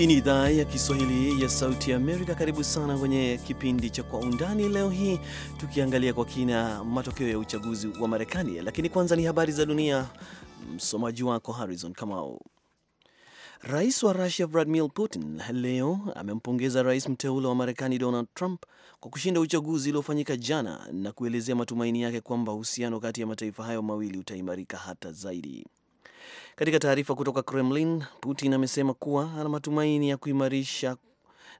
Hii ni idhaa ya Kiswahili ya Sauti ya Amerika. Karibu sana kwenye kipindi cha Kwa Undani. Leo hii tukiangalia kwa kina matokeo ya uchaguzi wa Marekani, lakini kwanza ni habari za dunia. Msomaji wako Harrison Kamau. Rais wa Rusia Vladimir Putin leo amempongeza rais mteule wa Marekani Donald Trump kwa kushinda uchaguzi uliofanyika jana na kuelezea matumaini yake kwamba uhusiano kati ya mataifa hayo mawili utaimarika hata zaidi. Katika taarifa kutoka Kremlin, Putin amesema kuwa ana matumaini ya kuimarisha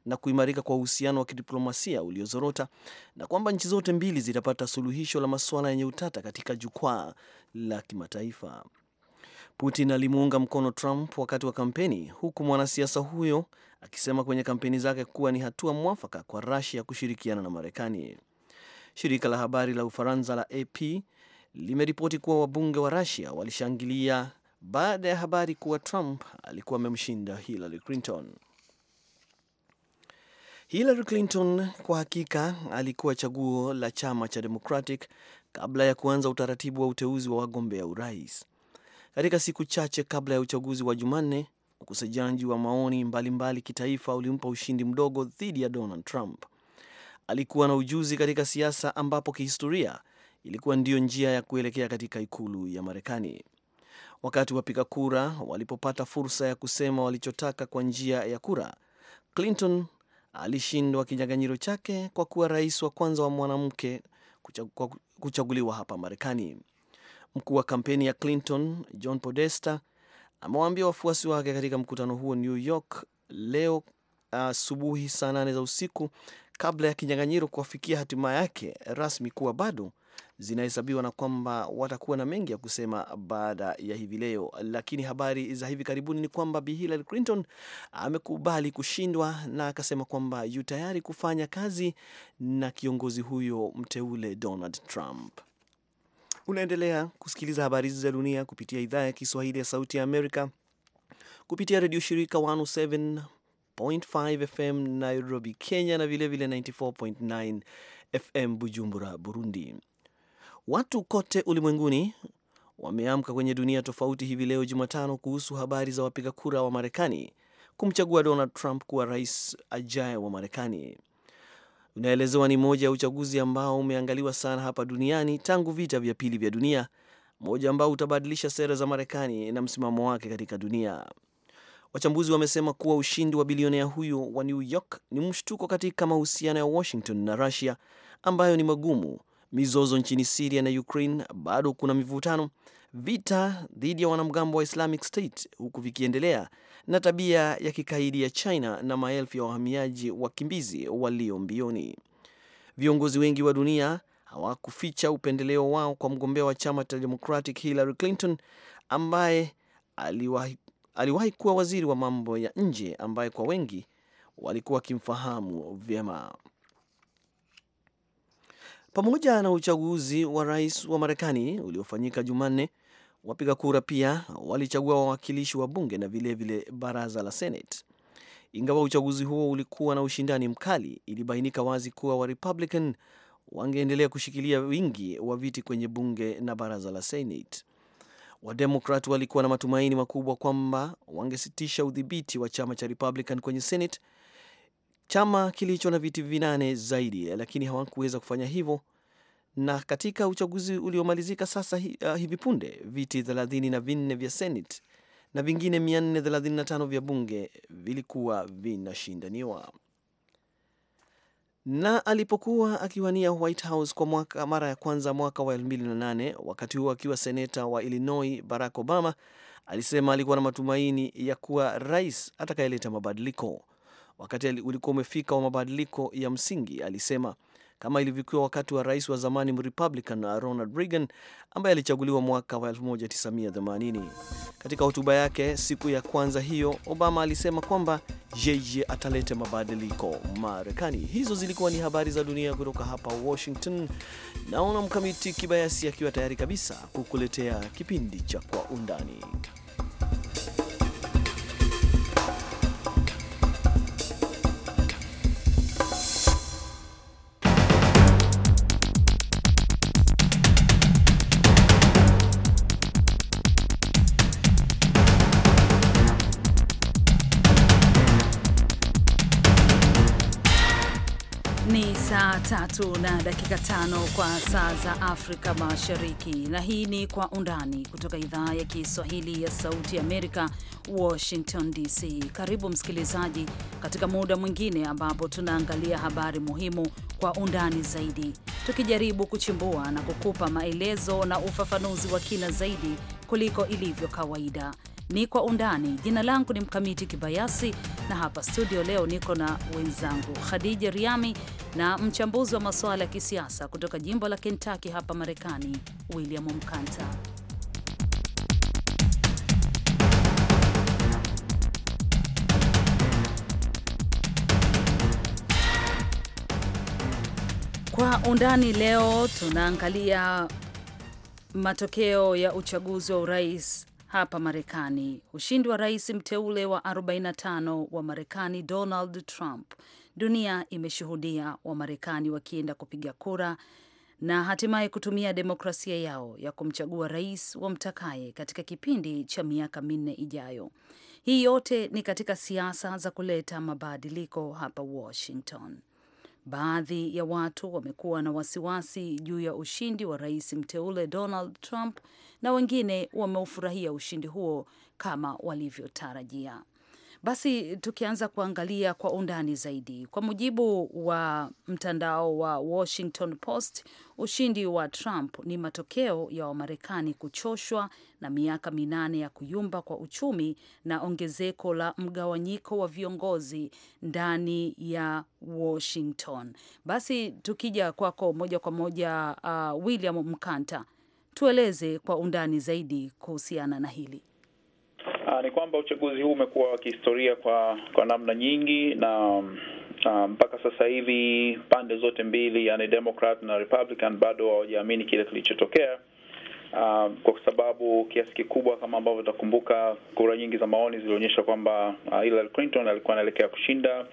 na kuimarika kwa uhusiano wa kidiplomasia uliozorota na kwamba nchi zote mbili zitapata suluhisho la masuala yenye utata katika jukwaa la kimataifa. Putin alimuunga mkono Trump wakati wa kampeni, huku mwanasiasa huyo akisema kwenye kampeni zake kuwa ni hatua mwafaka kwa Russia kushirikiana na Marekani. Shirika la habari la Ufaransa la AP limeripoti kuwa wabunge wa Russia walishangilia baada ya habari kuwa Trump alikuwa amemshinda Hillary Clinton. Hillary Clinton kwa hakika alikuwa chaguo la chama cha Democratic kabla ya kuanza utaratibu wa uteuzi wa wagombea urais. Katika siku chache kabla ya uchaguzi wa Jumanne, ukusajaji wa maoni mbalimbali mbali kitaifa ulimpa ushindi mdogo dhidi ya Donald Trump. Alikuwa na ujuzi katika siasa ambapo kihistoria ilikuwa ndiyo njia ya kuelekea katika ikulu ya Marekani. Wakati wapiga kura walipopata fursa ya kusema walichotaka kwa njia ya kura, Clinton alishindwa kinyang'anyiro chake kwa kuwa rais wa kwanza wa mwanamke kuchaguliwa hapa Marekani. Mkuu wa kampeni ya Clinton John Podesta amewaambia wafuasi wake katika mkutano huo New York leo asubuhi uh, saa nane za usiku kabla ya kinyang'anyiro kuwafikia hatima yake rasmi kuwa bado zinahesabiwa na kwamba watakuwa na mengi ya kusema baada ya hivi leo, lakini habari za hivi karibuni ni kwamba Bi Hillary Clinton amekubali kushindwa na akasema kwamba yu tayari kufanya kazi na kiongozi huyo mteule Donald Trump. Unaendelea kusikiliza habari hizi za dunia kupitia idhaa ya Kiswahili ya Sauti ya Amerika kupitia redio shirika 107.5 FM Nairobi, Kenya na vilevile 94.9 FM Bujumbura, Burundi. Watu kote ulimwenguni wameamka kwenye dunia tofauti hivi leo Jumatano kuhusu habari za wapiga kura wa Marekani kumchagua Donald Trump kuwa rais ajaye wa Marekani. Unaelezewa ni moja ya uchaguzi ambao umeangaliwa sana hapa duniani tangu vita vya pili vya dunia, mmoja ambao utabadilisha sera za Marekani na msimamo wake katika dunia. Wachambuzi wamesema kuwa ushindi wa bilionea huyo wa New York ni mshtuko katika mahusiano ya Washington na Russia ambayo ni magumu mizozo nchini Siria na Ukraine, bado kuna mivutano, vita dhidi ya wanamgambo wa Islamic State huku vikiendelea, na tabia ya kikaidi ya China na maelfu ya wahamiaji wakimbizi walio mbioni. Viongozi wengi wa dunia hawakuficha upendeleo wao kwa mgombea wa chama cha Democratic Hillary Clinton ambaye aliwahi, aliwahi kuwa waziri wa mambo ya nje ambaye kwa wengi walikuwa wakimfahamu vyema. Pamoja na uchaguzi wa rais wa Marekani uliofanyika Jumanne, wapiga kura pia walichagua wawakilishi wa bunge na vilevile vile baraza la Senate. Ingawa uchaguzi huo ulikuwa na ushindani mkali, ilibainika wazi kuwa wa Republican wangeendelea kushikilia wingi wa viti kwenye bunge na baraza la Senate. Wademokrat walikuwa na matumaini makubwa kwamba wangesitisha udhibiti wa chama cha Republican kwenye Senate chama kilicho na viti vinane zaidi, lakini hawakuweza kufanya hivyo. Na katika uchaguzi uliomalizika sasa uh, hivi punde, viti 34 na vinne vya Senate na vingine 435 vya bunge vilikuwa vinashindaniwa. Na alipokuwa akiwania White House kwa mwaka, mara ya kwanza mwaka wa 2008 wakati huo akiwa seneta wa Illinois, Barack Obama alisema alikuwa na matumaini ya kuwa rais atakayeleta mabadiliko wakati ulikuwa umefika wa mabadiliko ya msingi, alisema kama ilivyokuwa wakati wa rais wa zamani Mrepublican Ronald Reagan ambaye alichaguliwa mwaka wa 1980. Katika hotuba yake siku ya kwanza hiyo, Obama alisema kwamba yeye atalete mabadiliko Marekani. Hizo zilikuwa ni habari za dunia kutoka hapa Washington. Naona Mkamiti Kibayasi akiwa tayari kabisa kukuletea kipindi cha Kwa Undani. tatu na dakika tano kwa saa za Afrika Mashariki, na hii ni Kwa Undani kutoka idhaa ya Kiswahili ya Sauti Amerika, Washington DC. Karibu msikilizaji, katika muda mwingine ambapo tunaangalia habari muhimu kwa undani zaidi, tukijaribu kuchimbua na kukupa maelezo na ufafanuzi wa kina zaidi kuliko ilivyo kawaida. Ni Kwa Undani. Jina langu ni Mkamiti Kibayasi, na hapa studio leo niko na wenzangu Khadija Riami na mchambuzi wa masuala ya kisiasa kutoka jimbo la Kentucky hapa Marekani, William Mkanta. Kwa undani leo tunaangalia matokeo ya uchaguzi wa urais hapa Marekani. Ushindi wa rais mteule wa 45 wa Marekani Donald Trump, dunia imeshuhudia Wamarekani wakienda kupiga kura na hatimaye kutumia demokrasia yao ya kumchagua rais wamtakaye katika kipindi cha miaka minne ijayo. Hii yote ni katika siasa za kuleta mabadiliko hapa Washington. Baadhi ya watu wamekuwa na wasiwasi juu ya ushindi wa rais mteule Donald Trump na wengine wameufurahia ushindi huo kama walivyotarajia. Basi tukianza kuangalia kwa undani zaidi, kwa mujibu wa mtandao wa Washington Post, ushindi wa Trump ni matokeo ya Wamarekani kuchoshwa na miaka minane ya kuyumba kwa uchumi na ongezeko la mgawanyiko wa viongozi ndani ya Washington. Basi tukija kwako moja kwa moja, uh, William Mkanta, tueleze kwa undani zaidi kuhusiana na hili. Aa, ah, ni kwamba uchaguzi huu umekuwa wa kihistoria kwa kwa namna nyingi na mpaka ah, mpaka sasa hivi pande zote mbili, yani Democrat na Republican, bado hawajaamini kile kilichotokea, Uh, kwa sababu kiasi kikubwa kama ambavyo utakumbuka, kura nyingi za maoni zilionyesha kwamba uh, Hillary Clinton alikuwa anaelekea kushinda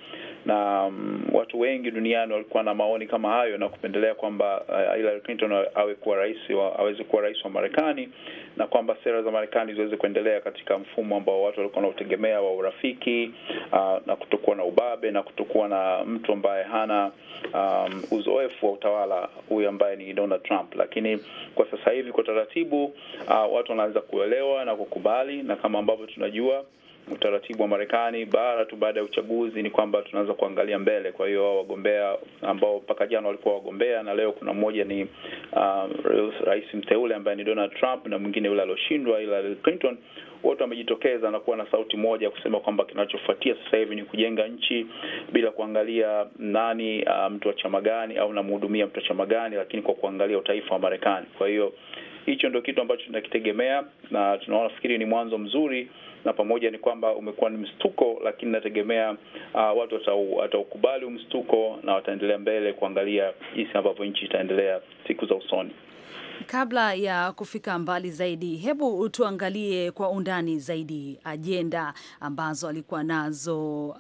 na um, watu wengi duniani walikuwa na maoni kama hayo na kupendelea kwamba uh, Hillary Clinton awe kuwa rais wa, aweze kuwa rais wa Marekani na kwamba sera za Marekani ziweze kuendelea katika mfumo ambao watu walikuwa wanautegemea wa urafiki uh, na kutokuwa na ubabe na kutokuwa na mtu ambaye hana um, uzoefu wa utawala huyu ambaye ni Donald Trump, lakini kwa sasa hivi kwa utaratibu uh, watu wanaanza kuelewa na kukubali, na kama ambavyo tunajua utaratibu wa Marekani bara tu baada ya uchaguzi ni kwamba tunaanza kuangalia mbele. Kwa hiyo wagombea ambao mpaka jana walikuwa wagombea na leo kuna mmoja ni uh, rais mteule ambaye ni Donald Trump na mwingine yule alioshindwa Hillary Clinton, wote wamejitokeza na kuwa na sauti moja kusema kwamba kinachofuatia sasa hivi ni kujenga nchi bila kuangalia nani uh, mtu wa chama gani au namhudumia mtu wa chama gani, lakini kwa kuangalia utaifa wa Marekani. Kwa hiyo Hicho ndio kitu ambacho tunakitegemea na tunaona, fikiri ni mwanzo mzuri na pamoja ni kwamba umekuwa ni mstuko lakini nategemea uh, watu wataukubali mstuko na wataendelea mbele kuangalia jinsi ambavyo nchi itaendelea siku za usoni. Kabla ya kufika mbali zaidi, hebu tuangalie kwa undani zaidi ajenda ambazo alikuwa nazo uh,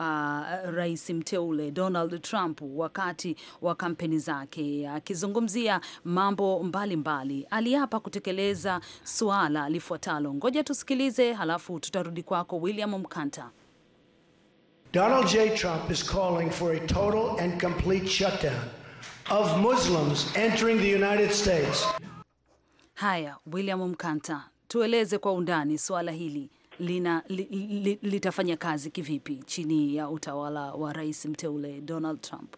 rais mteule Donald Trump wakati wa kampeni zake, akizungumzia mambo mbalimbali. Aliapa kutekeleza suala lifuatalo, ngoja tusikilize, halafu tutarudi Narudi kwako William Mkanta. Donald J Trump is calling for a total and complete shutdown of Muslims entering the United States. Haya, William Mkanta, tueleze kwa undani suala hili lina li, li, litafanya kazi kivipi chini ya utawala wa rais mteule Donald Trump?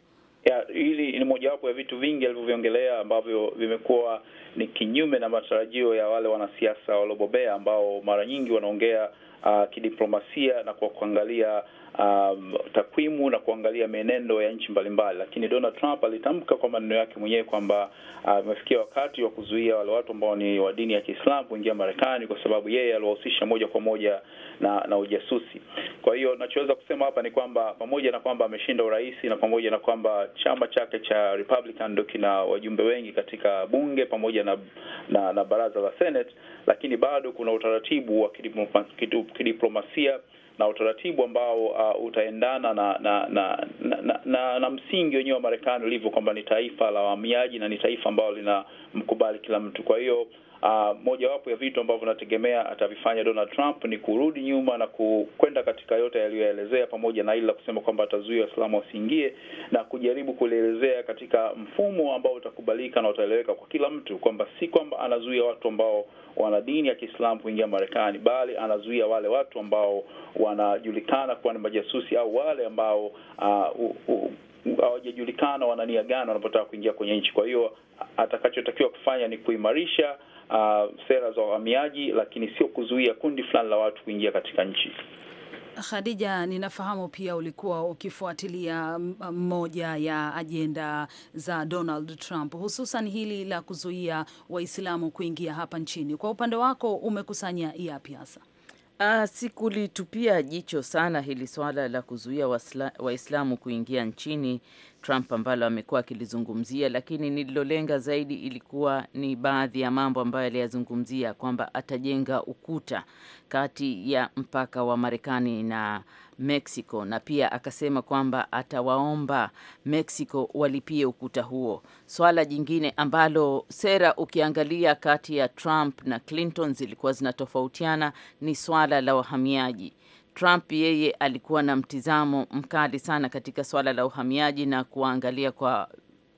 Ya, hili ni mojawapo ya vitu vingi alivyoviongelea ambavyo vimekuwa ni kinyume na matarajio ya wale wanasiasa waliobobea ambao mara nyingi wanaongea uh, kidiplomasia na kwa kuangalia uh, takwimu na kuangalia menendo ya nchi mbalimbali, lakini Donald Trump alitamka kwa maneno yake mwenyewe kwamba amefikia uh, wakati wa kuzuia wale watu ambao ni wa dini ya Kiislamu kuingia Marekani kwa sababu yeye aliwahusisha moja kwa moja na, na ujasusi. Kwa hiyo nachoweza kusema hapa ni kwamba pamoja na kwamba ameshinda urais na pamoja na kwamba chama chake cha Republican ndio kina wajumbe wengi katika bunge pamoja na, na, na baraza la Senate, lakini bado kuna utaratibu wa kidiplomasia kidu, kidiplomasia na utaratibu ambao uh, utaendana na na na, na, na, na, na msingi wenyewe wa Marekani ulivyo kwamba ni taifa la wahamiaji na ni taifa ambalo linamkubali kila mtu. Kwa hiyo Uh, mojawapo ya vitu ambavyo nategemea atavifanya Donald Trump ni kurudi nyuma na kwenda katika yote yaliyoelezea, pamoja na ile la kusema kwamba atazuia Waislamu wasiingie na kujaribu kulielezea katika mfumo ambao utakubalika na utaeleweka kwa kila mtu, kwamba si kwamba anazuia watu ambao wana dini ya Kiislamu kuingia Marekani, bali anazuia wale watu ambao wanajulikana kuwa ni majasusi au wale ambao uh, uh, uh, hawajajulikana wanania gani wanapotaka kuingia kwenye nchi. Kwa hiyo atakachotakiwa kufanya ni kuimarisha uh, sera za uhamiaji, lakini sio kuzuia kundi fulani la watu kuingia katika nchi. Khadija, ninafahamu pia ulikuwa ukifuatilia moja ya ajenda za Donald Trump, hususan hili la kuzuia Waislamu kuingia hapa nchini. Kwa upande wako umekusanya yapi hasa? Ah, sikulitupia jicho sana hili swala la kuzuia Waislamu kuingia nchini Trump ambalo amekuwa akilizungumzia, lakini nililolenga zaidi ilikuwa ni baadhi ya mambo ambayo aliyazungumzia kwamba atajenga ukuta kati ya mpaka wa Marekani na Mexico, na pia akasema kwamba atawaomba Mexico walipie ukuta huo. Swala jingine ambalo sera, ukiangalia kati ya Trump na Clinton zilikuwa zinatofautiana ni swala la wahamiaji. Trump yeye alikuwa na mtizamo mkali sana katika swala la uhamiaji na kuangalia kwa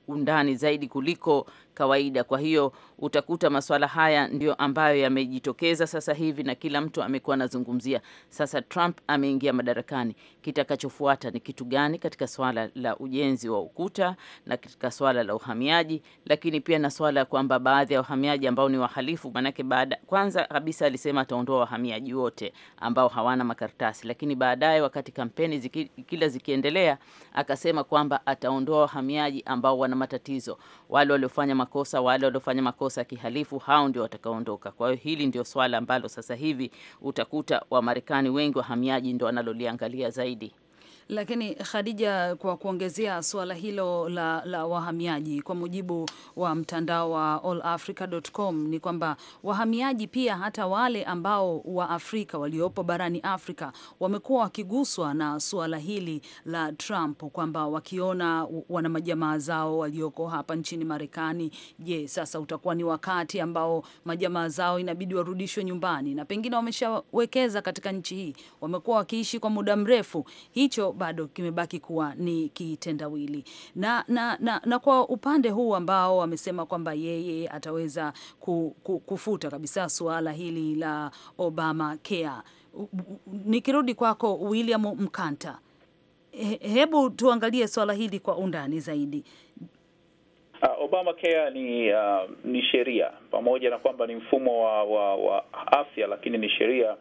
undani zaidi kuliko kawaida. Kwa hiyo utakuta masuala haya ndio ambayo yamejitokeza sasa hivi na kila mtu amekuwa anazungumzia. Sasa Trump ameingia madarakani, kitakachofuata ni kitu gani katika swala la ujenzi wa ukuta na katika swala la uhamiaji, lakini pia na swala ya kwamba baadhi ya wahamiaji ambao ni wahalifu, manake baada, kwanza kabisa alisema ataondoa wahamiaji wote ambao hawana makaratasi, lakini baadaye wakati kampeni ziki, kila zikiendelea akasema kwamba ataondoa wahamiaji ambao wana matatizo, wale waliofanya makosa, wale waliofanya makosa ya kihalifu, hao ndio watakaoondoka. Kwa hiyo hili ndio swala ambalo sasa hivi utakuta Wamarekani wengi wahamiaji ndio wanaloliangalia zaidi. Lakini Khadija, kwa kuongezea suala hilo la, la wahamiaji, kwa mujibu wa mtandao wa allafrica.com ni kwamba wahamiaji pia hata wale ambao wa Afrika waliopo barani Afrika wamekuwa wakiguswa na suala hili la Trump, kwamba wakiona wana majamaa zao walioko hapa nchini Marekani, je, sasa utakuwa ni wakati ambao majamaa zao inabidi warudishwe nyumbani, na pengine wameshawekeza katika nchi hii, wamekuwa wakiishi kwa muda mrefu hicho bado kimebaki kuwa ni kitendawili. Na, na, na, na kwa upande huu ambao wamesema kwamba yeye ataweza kufuta kabisa suala hili la Obama Care. Nikirudi kwako William Mkanta, hebu tuangalie swala hili kwa undani zaidi. Uh, Obamacare ni uh, ni sheria pamoja na kwamba ni mfumo wa, wa, wa afya, lakini ni sheria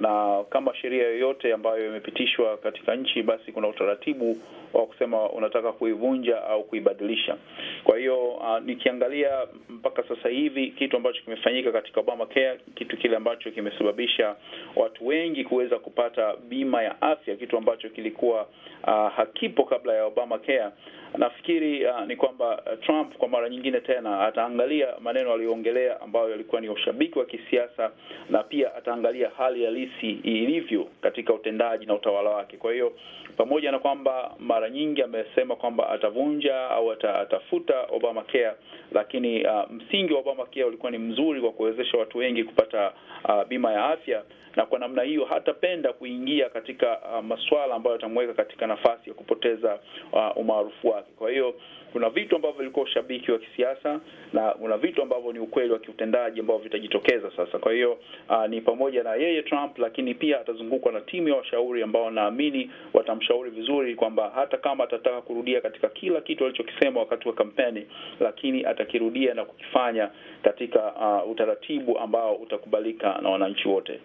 na kama sheria yoyote ambayo imepitishwa katika nchi, basi kuna utaratibu wa kusema unataka kuivunja au kuibadilisha. Kwa hiyo uh, nikiangalia mpaka sasa hivi kitu ambacho kimefanyika katika Obamacare, kitu kile ambacho kimesababisha watu wengi kuweza kupata bima ya afya, kitu ambacho kilikuwa uh, hakipo kabla ya Obamacare, nafikiri uh, ni kwamba Trump kwa mara nyingine tena ataangalia maneno aliyoongelea ambayo yalikuwa ni ushabiki wa kisiasa, na pia ataangalia hali ya halisi ilivyo katika utendaji na utawala wake. Kwa hiyo pamoja na kwamba mara nyingi amesema kwamba atavunja au atafuta Obamacare, lakini uh, msingi wa Obamacare ulikuwa ni mzuri wa kuwezesha watu wengi kupata uh, bima ya afya na kwa namna hiyo hatapenda kuingia katika uh, masuala ambayo yatamweka katika nafasi ya kupoteza uh, umaarufu wake. Kwa hiyo kuna vitu ambavyo vilikuwa ushabiki wa kisiasa na kuna vitu ambavyo ni ukweli wa kiutendaji ambao vitajitokeza sasa. Kwa hiyo uh, ni pamoja na yeye Trump, lakini pia atazungukwa na timu ya washauri ambao naamini watamshauri vizuri kwamba hata kama atataka kurudia katika kila kitu alichokisema wakati wa kampeni, lakini atakirudia na kukifanya katika uh, utaratibu ambao utakubalika na wananchi wote.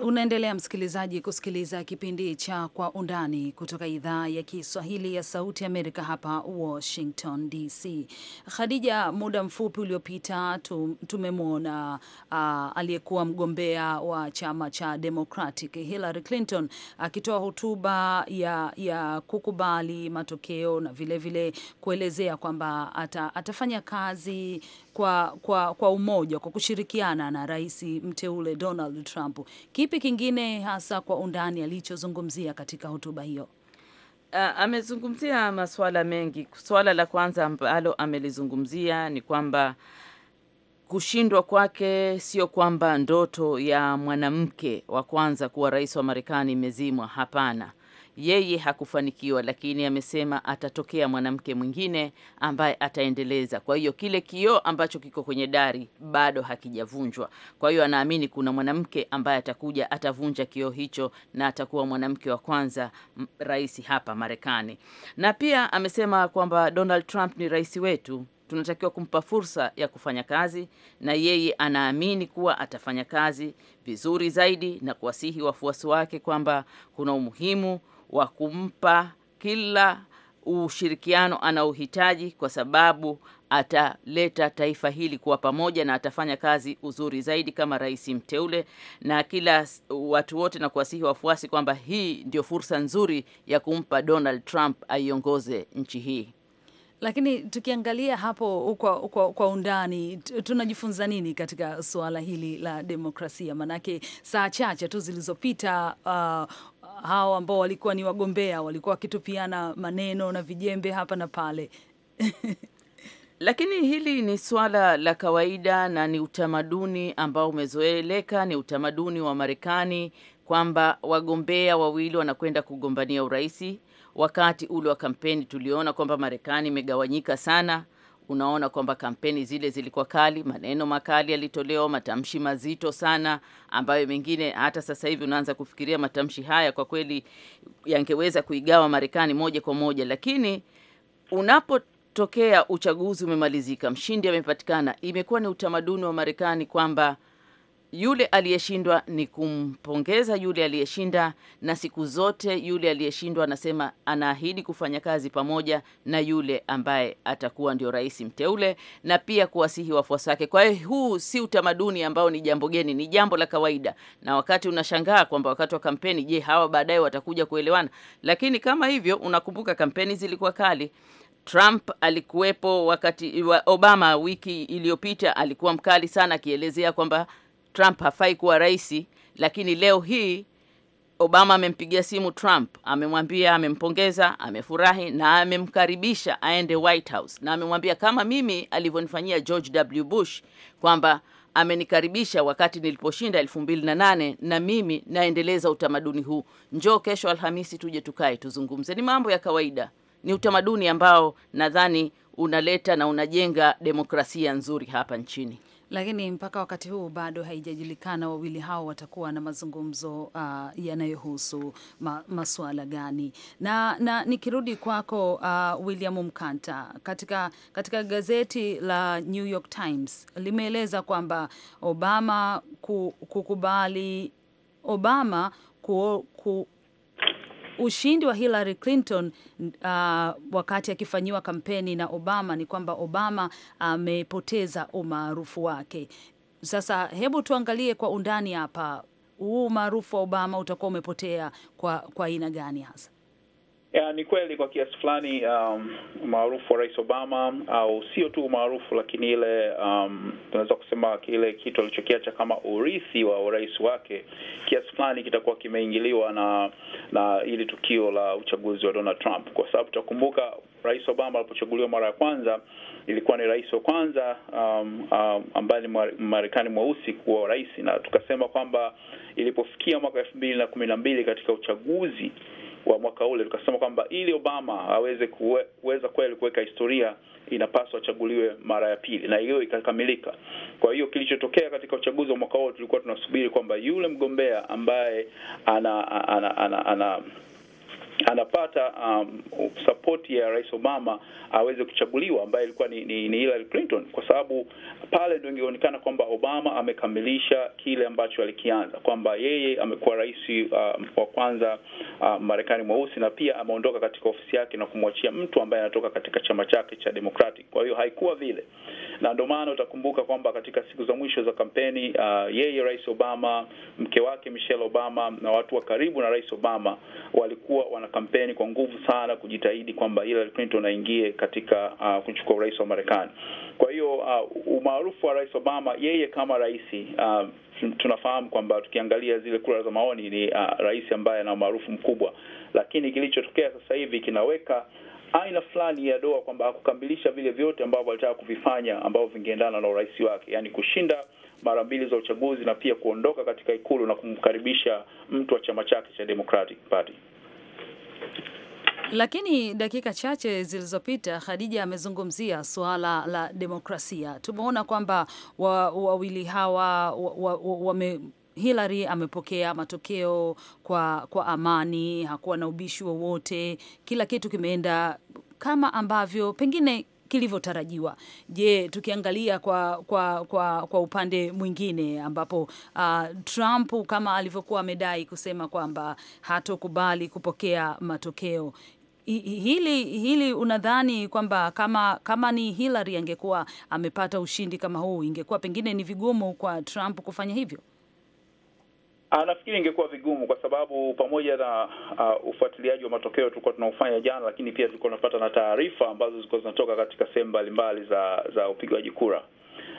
Unaendelea msikilizaji kusikiliza kipindi cha Kwa Undani kutoka idhaa ya Kiswahili ya Sauti Amerika hapa Washington DC. Khadija, muda mfupi uliopita tumemwona uh, aliyekuwa mgombea wa chama cha Democratic Hillary Clinton akitoa uh, hotuba ya, ya kukubali matokeo na vilevile vile kuelezea kwamba ata, atafanya kazi kwa, kwa, kwa umoja kwa kushirikiana na rais mteule Donald Trump. Kipi kingine hasa kwa undani alichozungumzia katika hotuba hiyo? Uh, amezungumzia masuala mengi. Suala la kwanza ambalo amelizungumzia ni kwamba kushindwa kwake sio kwamba ndoto ya mwanamke wa kwanza kuwa rais wa Marekani imezimwa. Hapana, yeye hakufanikiwa, lakini amesema atatokea mwanamke mwingine ambaye ataendeleza. Kwa hiyo kile kioo ambacho kiko kwenye dari bado hakijavunjwa. Kwa hiyo anaamini kuna mwanamke ambaye atakuja, atavunja kioo hicho na atakuwa mwanamke wa kwanza rais hapa Marekani. Na pia amesema kwamba Donald Trump ni rais wetu tunatakiwa kumpa fursa ya kufanya kazi, na yeye anaamini kuwa atafanya kazi vizuri zaidi, na kuwasihi wafuasi wake kwamba kuna umuhimu wa kumpa kila ushirikiano anaohitaji kwa sababu ataleta taifa hili kuwa pamoja na atafanya kazi uzuri zaidi kama rais mteule, na kila watu wote na kuwasihi wafuasi kwamba hii ndio fursa nzuri ya kumpa Donald Trump aiongoze nchi hii. Lakini tukiangalia hapo kwa, kwa, kwa undani tunajifunza nini katika suala hili la demokrasia? Maanake saa chache tu zilizopita uh, hao ambao walikuwa ni wagombea walikuwa wakitupiana maneno na vijembe hapa na pale. Lakini hili ni suala la kawaida na ni utamaduni ambao umezoeleka, ni utamaduni wa Marekani kwamba wagombea wawili wanakwenda kugombania urahisi Wakati ule wa kampeni tuliona kwamba Marekani imegawanyika sana unaona kwamba kampeni zile zilikuwa kali, maneno makali yalitolewa, matamshi mazito sana, ambayo mengine hata sasa hivi unaanza kufikiria matamshi haya kwa kweli yangeweza kuigawa Marekani moja kwa moja, lakini unapo tokea uchaguzi umemalizika, mshindi amepatikana. Imekuwa ni utamaduni wa Marekani kwamba yule aliyeshindwa ni kumpongeza yule aliyeshinda, na siku zote yule aliyeshindwa anasema anaahidi kufanya kazi pamoja na yule ambaye atakuwa ndio rais mteule, na pia kuwasihi wafuasi wake. Kwa hiyo huu si utamaduni ambao ni jambo geni, ni jambo la kawaida, na wakati unashangaa kwamba wakati wa kampeni, je, hawa baadaye watakuja kuelewana? Lakini kama hivyo, unakumbuka kampeni zilikuwa kali. Trump alikuwepo wakati wa Obama, wiki iliyopita alikuwa mkali sana, akielezea kwamba Trump hafai kuwa rais, lakini leo hii Obama amempigia simu Trump, amemwambia, amempongeza, amefurahi na amemkaribisha aende White House, na amemwambia kama mimi alivyonifanyia George W Bush kwamba amenikaribisha wakati niliposhinda elfu mbili na nane na mimi naendeleza utamaduni huu. Njoo kesho Alhamisi tuje tukae tuzungumze. Ni mambo ya kawaida, ni utamaduni ambao nadhani unaleta na unajenga demokrasia nzuri hapa nchini lakini mpaka wakati huu bado haijajulikana wawili hao watakuwa na mazungumzo uh, yanayohusu ma, masuala gani. Na, na nikirudi kwako uh, William Mkanta, katika, katika gazeti la New York Times limeeleza kwamba Obama kukubali Obama ku, ku, ushindi wa Hillary Clinton uh, wakati akifanyiwa kampeni na Obama ni kwamba Obama amepoteza uh, umaarufu wake. Sasa hebu tuangalie kwa undani hapa, huu umaarufu wa Obama utakuwa umepotea kwa aina gani hasa? Ya, ni kweli kwa kiasi fulani um, umaarufu wa Rais Obama au sio tu umaarufu, lakini ile um, tunaweza kusema kile kitu alichokiacha kama urithi wa urais wake kiasi fulani kitakuwa kimeingiliwa na na ili tukio la uchaguzi wa Donald Trump, kwa sababu tutakumbuka Rais Obama alipochaguliwa mara ya kwanza ilikuwa ni rais wa kwanza um, um, ambaye ni Marekani mweusi kuwa rais, na tukasema kwamba ilipofikia mwaka elfu mbili na kumi na mbili katika uchaguzi wa mwaka ule, tukasema kwamba ili Obama aweze kuweza kweli kuweka historia inapaswa achaguliwe mara ya pili, na hiyo ikakamilika. Kwa hiyo kilichotokea katika uchaguzi wa mwaka huo, tulikuwa tunasubiri kwamba yule mgombea ambaye ana ana ana, ana, ana anapata um, sapoti ya Rais Obama aweze kuchaguliwa, ambaye ilikuwa ni, ni, ni Hillary Clinton, kwa sababu pale ndio ingeonekana kwamba Obama amekamilisha kile ambacho alikianza, kwamba yeye amekuwa rais uh, wa kwanza uh, Marekani mweusi, na pia ameondoka katika ofisi yake na kumwachia mtu ambaye anatoka katika chama chake cha Democratic. Kwa hiyo haikuwa vile, na ndio maana utakumbuka kwamba katika siku za mwisho za kampeni uh, yeye Rais Obama, mke wake Michelle Obama na watu wa karibu na Rais Obama walikuwa wana kampeni kwa nguvu sana kujitahidi kwamba Hillary Clinton aingie katika uh, kuchukua urais wa Marekani. Kwa hiyo uh, umaarufu wa Rais Obama yeye kama rais uh, tunafahamu kwamba tukiangalia zile kura za maoni ni uh, rais ambaye ana umaarufu mkubwa, lakini kilichotokea sasa hivi kinaweka aina fulani ya doa kwamba hakukamilisha vile vyote ambavyo alitaka kuvifanya ambavyo vingeendana na urais wake, yaani kushinda mara mbili za uchaguzi na pia kuondoka katika ikulu na kumkaribisha mtu wa chama chake cha Democratic Party. Lakini dakika chache zilizopita Khadija amezungumzia suala la demokrasia. Tumeona kwamba wawili wa hawa wa, wa, wa Hillary amepokea matokeo kwa, kwa amani, hakuwa na ubishi wowote, kila kitu kimeenda kama ambavyo pengine kilivyotarajiwa. Je, tukiangalia kwa, kwa, kwa, kwa upande mwingine ambapo uh, Trump kama alivyokuwa amedai kusema kwamba hatokubali kupokea matokeo, hili, hili unadhani kwamba kama, kama ni Hillary angekuwa amepata ushindi kama huu, ingekuwa pengine ni vigumu kwa Trump kufanya hivyo? Ah, nafikiri ingekuwa vigumu kwa sababu pamoja na uh, ufuatiliaji wa matokeo tulikuwa tunaofanya jana, lakini pia tulikuwa tunapata na taarifa ambazo zilikuwa zinatoka katika sehemu mbalimbali za za upigaji kura,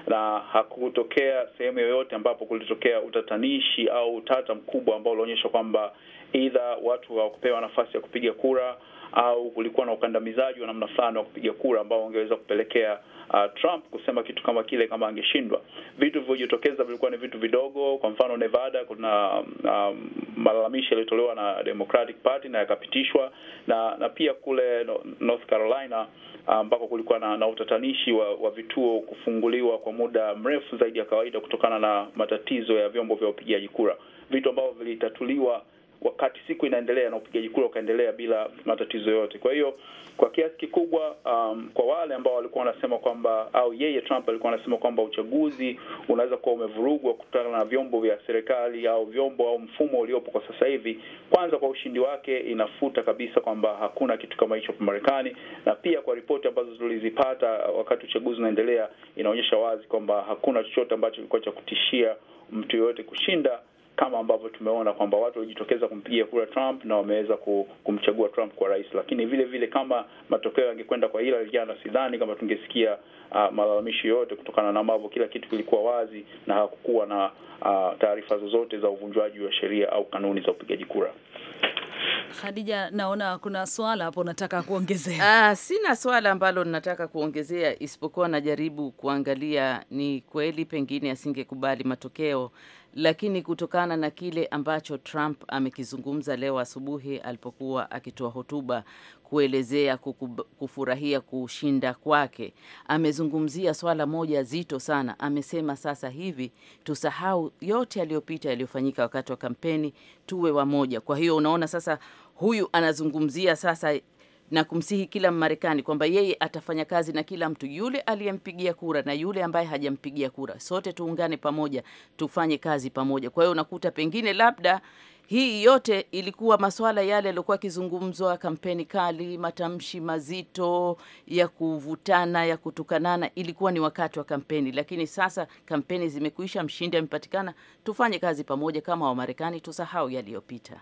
na hakutokea sehemu yoyote ambapo kulitokea utatanishi au utata mkubwa ambao ulionyesha kwamba idha watu hawakupewa nafasi ya kupiga kura au kulikuwa na ukandamizaji wa namna fulani wa kupiga kura ambao wangeweza kupelekea uh, Trump kusema kitu kama kile kama angeshindwa. Vitu vilivyojitokeza vilikuwa ni vitu vidogo. Kwa mfano, Nevada kuna um, malalamishi yalitolewa na Democratic Party na yakapitishwa, na na pia kule North Carolina uh, ambako um, kulikuwa na, na utatanishi wa, wa vituo kufunguliwa kwa muda mrefu zaidi ya kawaida kutokana na matatizo ya vyombo vya upigaji kura, vitu ambavyo vilitatuliwa wakati siku inaendelea na upigaji kura ukaendelea bila matatizo yote. Kwa hiyo kwa kiasi kikubwa, um, kwa wale ambao walikuwa wanasema kwamba au yeye Trump alikuwa anasema kwamba uchaguzi unaweza kuwa umevurugwa kutokana na vyombo vya serikali au vyombo au mfumo uliopo kwa sasa hivi, kwanza kwa ushindi wake inafuta kabisa kwamba hakuna kitu kama hicho kwa Marekani, na pia kwa ripoti ambazo tulizipata wakati uchaguzi unaendelea inaonyesha wazi kwamba hakuna chochote ambacho kilikuwa cha kutishia mtu yoyote kushinda kama ambavyo tumeona kwamba watu walijitokeza kumpigia kura Trump na wameweza kumchagua Trump kwa rais. Lakini vile vile kama matokeo yangekwenda kwa Hillary jana, sidhani kama tungesikia uh, malalamishi yote, kutokana na ambavyo kila kitu kilikuwa wazi na hakukuwa na uh, taarifa zozote za uvunjwaji wa sheria au kanuni za upigaji kura. Khadija, naona kuna swala hapo nataka kuongezea. Ah, sina swala ambalo nataka kuongezea isipokuwa najaribu kuangalia, ni kweli pengine asingekubali matokeo lakini kutokana na kile ambacho Trump amekizungumza leo asubuhi alipokuwa akitoa hotuba kuelezea kufurahia kushinda kwake, amezungumzia swala moja zito sana. Amesema sasa hivi tusahau yote yaliyopita yaliyofanyika wakati wa kampeni, tuwe wamoja. Kwa hiyo unaona sasa huyu anazungumzia sasa na kumsihi kila Mmarekani kwamba yeye atafanya kazi na kila mtu yule aliyempigia kura na yule ambaye hajampigia kura. Sote tuungane pamoja, tufanye kazi pamoja. Kwa hiyo unakuta pengine labda hii yote ilikuwa masuala yale yaliyokuwa yakizungumzwa, kampeni kali, matamshi mazito ya kuvutana, ya kutukanana, ilikuwa ni wakati wa kampeni. Lakini sasa kampeni zimekuisha, mshindi amepatikana. Tufanye kazi pamoja kama Wamarekani, tusahau yaliyopita.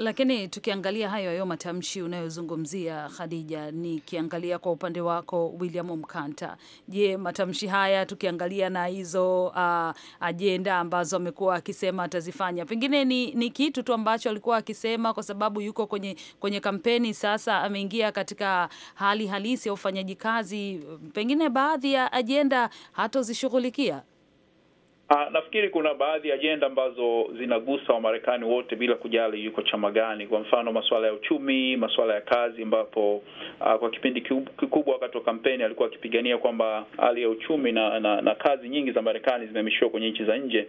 Lakini tukiangalia hayo hayo matamshi unayozungumzia Khadija, nikiangalia kwa upande wako William Mkanta, je, matamshi haya tukiangalia na hizo uh, ajenda ambazo amekuwa akisema atazifanya, pengine ni, ni kitu tu ambacho alikuwa akisema kwa sababu yuko kwenye, kwenye kampeni sasa, ameingia katika hali halisi ya ufanyaji kazi, pengine baadhi ya ajenda hatozishughulikia? Uh, nafikiri kuna baadhi ya ajenda ambazo zinagusa Wamarekani wote bila kujali yuko chama gani. Kwa mfano, masuala ya uchumi, masuala ya kazi, ambapo uh, kwa kipindi kikubwa wakati wa kampeni alikuwa akipigania kwamba hali ya uchumi na, na, na kazi nyingi za Marekani zimehamishiwa kwenye nchi za nje.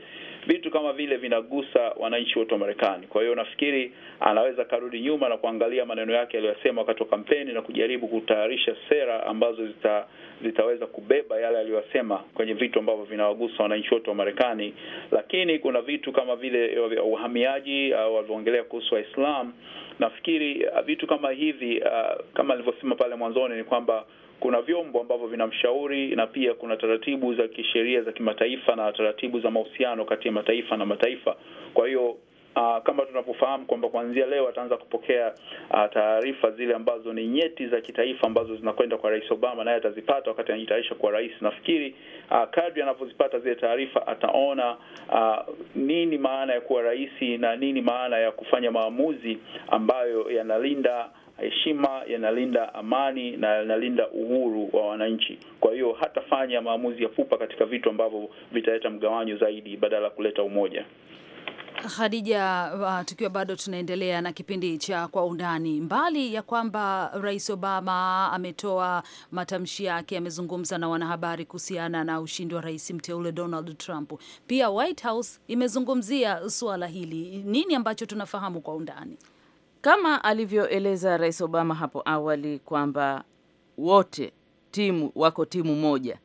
Vitu kama vile vinagusa wananchi wote wa Marekani. Kwa hiyo nafikiri anaweza karudi nyuma na kuangalia maneno yake aliyosema wakati wa kampeni na kujaribu kutayarisha sera ambazo zita, zitaweza kubeba yale aliyosema kwenye vitu ambavyo vinawagusa wananchi wote wa Marekani. Marekani, lakini kuna vitu kama vile uhamiaji uh, walivyoongelea kuhusu Waislam. Nafikiri uh, vitu kama hivi uh, kama alivyosema pale mwanzoni ni kwamba kuna vyombo ambavyo vinamshauri na pia kuna taratibu za kisheria za kimataifa na taratibu za mahusiano kati ya mataifa na mataifa. Kwa hiyo Uh, kama tunavyofahamu kwamba kuanzia leo ataanza kupokea uh, taarifa zile ambazo ni nyeti za kitaifa ambazo zinakwenda kwa Rais Obama, naye atazipata wakati anajitayarisha kuwa rais. Nafikiri uh, kadri anavyozipata zile taarifa ataona uh, nini maana ya kuwa rais na nini maana ya kufanya maamuzi ambayo yanalinda heshima yanalinda amani na yanalinda uhuru wa wananchi. Kwa hiyo hatafanya maamuzi ya pupa katika vitu ambavyo vitaleta mgawanyo zaidi badala ya kuleta umoja. Khadija, uh, tukiwa bado tunaendelea na kipindi cha Kwa Undani, mbali ya kwamba Rais Obama ametoa matamshi yake, amezungumza na wanahabari kuhusiana na ushindi wa rais mteule Donald Trump, pia White House imezungumzia suala hili. Nini ambacho tunafahamu kwa undani? Kama alivyoeleza Rais Obama hapo awali kwamba wote timu wako timu moja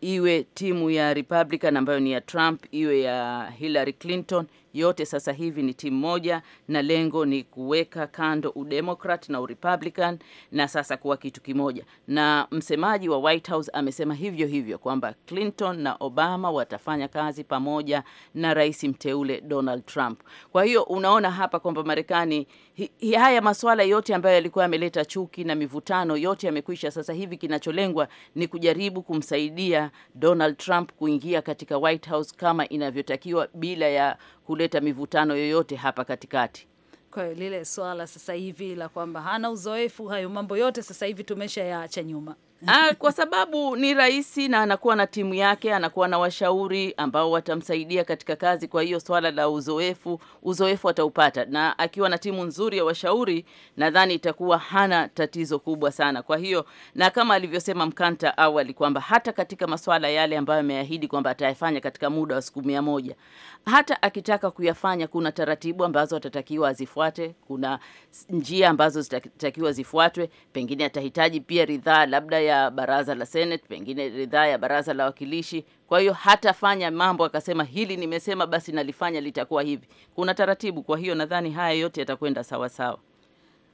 iwe timu ya Republican ambayo ni ya Trump, iwe ya Hillary Clinton, yote sasa hivi ni timu moja, na lengo ni kuweka kando udemokrat na urepublican na sasa kuwa kitu kimoja. Na msemaji wa White House amesema hivyo hivyo kwamba Clinton na Obama watafanya kazi pamoja na rais mteule Donald Trump. Kwa hiyo unaona hapa kwamba Marekani hi, haya maswala yote ambayo yalikuwa yameleta chuki na mivutano yote yamekwisha. Sasa hivi kinacholengwa ni kujaribu kumsaidia Donald Trump kuingia katika White House kama inavyotakiwa bila ya kuleta mivutano yoyote hapa katikati. Kwa hiyo lile swala sasa hivi la kwamba hana uzoefu, hayo mambo yote sasa hivi tumeshayaacha nyuma. Ah, kwa sababu ni rahisi na anakuwa na timu yake, anakuwa na washauri ambao watamsaidia katika kazi. Kwa hiyo swala la uzoefu, uzoefu ataupata, na akiwa na timu nzuri ya washauri, nadhani itakuwa hana tatizo kubwa sana. Kwa hiyo na kama alivyosema Mkanta awali kwamba hata katika masuala yale ambayo ameahidi kwamba atayafanya katika muda wa siku mia moja, hata akitaka kuyafanya, kuna taratibu ambazo atatakiwa azifuate, kuna njia ambazo zitatakiwa zifuatwe, pengine atahitaji pia ridhaa labda ya ya baraza la Senate, pengine ridhaa ya baraza la wakilishi. Kwa hiyo hatafanya mambo akasema hili nimesema basi nalifanya litakuwa hivi. Kuna taratibu, kwa hiyo nadhani haya yote yatakwenda sawa sawa.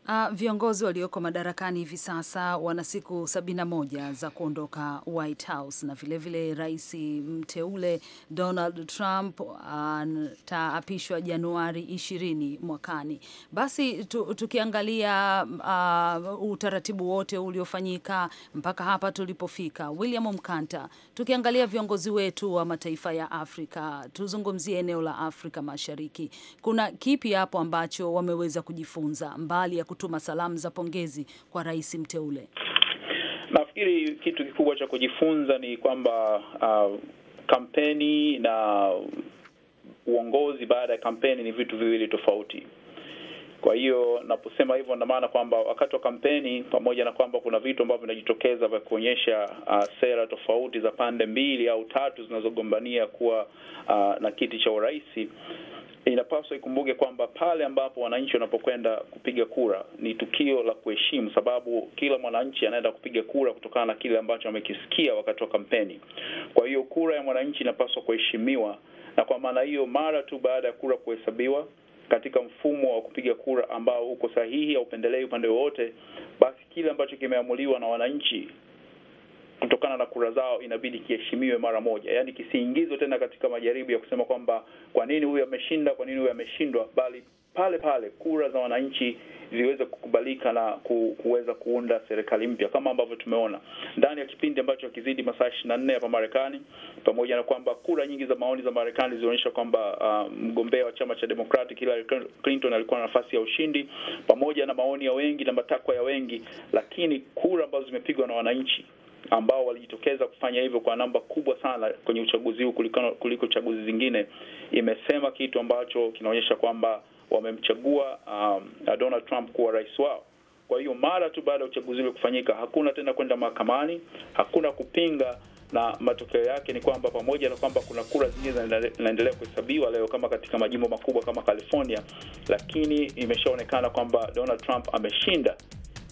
Uh, viongozi walioko madarakani hivi sasa wana siku 71 za kuondoka White House na vilevile rais mteule Donald Trump ataapishwa uh, Januari 20 mwakani. Basi tu, tukiangalia uh, utaratibu wote uliofanyika mpaka hapa tulipofika, William Mkanta, tukiangalia viongozi wetu wa mataifa ya Afrika, tuzungumzie eneo la Afrika Mashariki, kuna kipi hapo ambacho wameweza kujifunza mbali ya kutuma salamu za pongezi kwa rais mteule? Nafikiri kitu kikubwa cha kujifunza ni kwamba uh, kampeni na uongozi baada ya kampeni ni vitu viwili tofauti. Kwa hiyo naposema hivyo, na maana kwamba wakati wa kampeni, pamoja na kwamba kuna vitu ambavyo vinajitokeza vya kuonyesha uh, sera tofauti za pande mbili au tatu zinazogombania kuwa uh, na kiti cha urais, Eh, inapaswa ikumbuke kwamba pale ambapo wananchi wanapokwenda kupiga kura ni tukio la kuheshimu, sababu kila mwananchi anaenda kupiga kura kutokana na kile ambacho amekisikia wakati wa kampeni. Kwa hiyo kura ya mwananchi inapaswa kuheshimiwa, na kwa maana hiyo, mara tu baada ya kura kuhesabiwa katika mfumo wa kupiga kura ambao uko sahihi, haupendelei upande wowote, basi kile ambacho kimeamuliwa na wananchi kutokana na kura zao inabidi kiheshimiwe mara moja, yaani kisiingizwe tena katika majaribu ya kusema kwamba kwa nini huyu ameshinda, kwa nini huyu ameshindwa, bali pale pale kura za wananchi ziweze kukubalika na kuweza kuunda serikali mpya, kama ambavyo tumeona ndani ya kipindi ambacho hakizidi masaa ishirini na nne hapa Marekani, pamoja na kwamba kura nyingi za maoni za Marekani zilionyesha kwamba uh, mgombea wa chama cha Democratic Hillary Clinton alikuwa na nafasi ya ushindi, pamoja na maoni ya wengi na matakwa ya wengi, lakini kura ambazo zimepigwa na wananchi ambao walijitokeza kufanya hivyo kwa namba kubwa sana kwenye uchaguzi huu kuliko chaguzi zingine, imesema kitu ambacho kinaonyesha kwamba wamemchagua um, Donald Trump kuwa rais wao. Kwa hiyo mara tu baada ya uchaguzi ule kufanyika, hakuna tena kwenda mahakamani, hakuna kupinga, na matokeo yake ni kwamba pamoja na kwamba kuna kura zingine zinaendelea kuhesabiwa leo kama katika majimbo makubwa kama California, lakini imeshaonekana kwamba Donald Trump ameshinda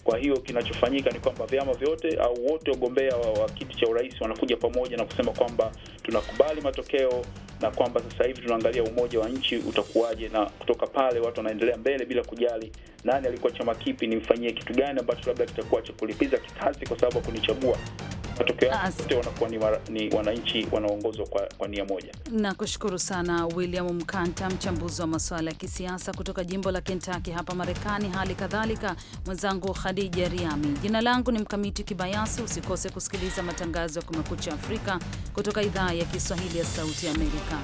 kwa hiyo kinachofanyika ni kwamba vyama vyote au wote wagombea wa, wa kiti cha urais wanakuja pamoja na kusema kwamba tunakubali matokeo na kwamba sasa hivi tunaangalia umoja wa nchi utakuwaje, na kutoka pale watu wanaendelea mbele bila kujali nani alikuwa chama kipi, nimfanyie kitu gani ambacho labda kitakuwa cha kulipiza kisasi kwa sababu ya kunichagua matokeo yake wote wanakuwa ni, wa, ni wananchi wanaongozwa kwa, kwa nia moja. Nakushukuru sana William Mkanta, mchambuzi wa masuala ya kisiasa kutoka jimbo la Kentucky hapa Marekani, hali kadhalika mwenzangu Khadija Riami. Jina langu ni Mkamiti Kibayasi. Usikose kusikiliza matangazo ya Kumekucha Afrika kutoka idhaa ya Kiswahili ya Sauti ya Amerika.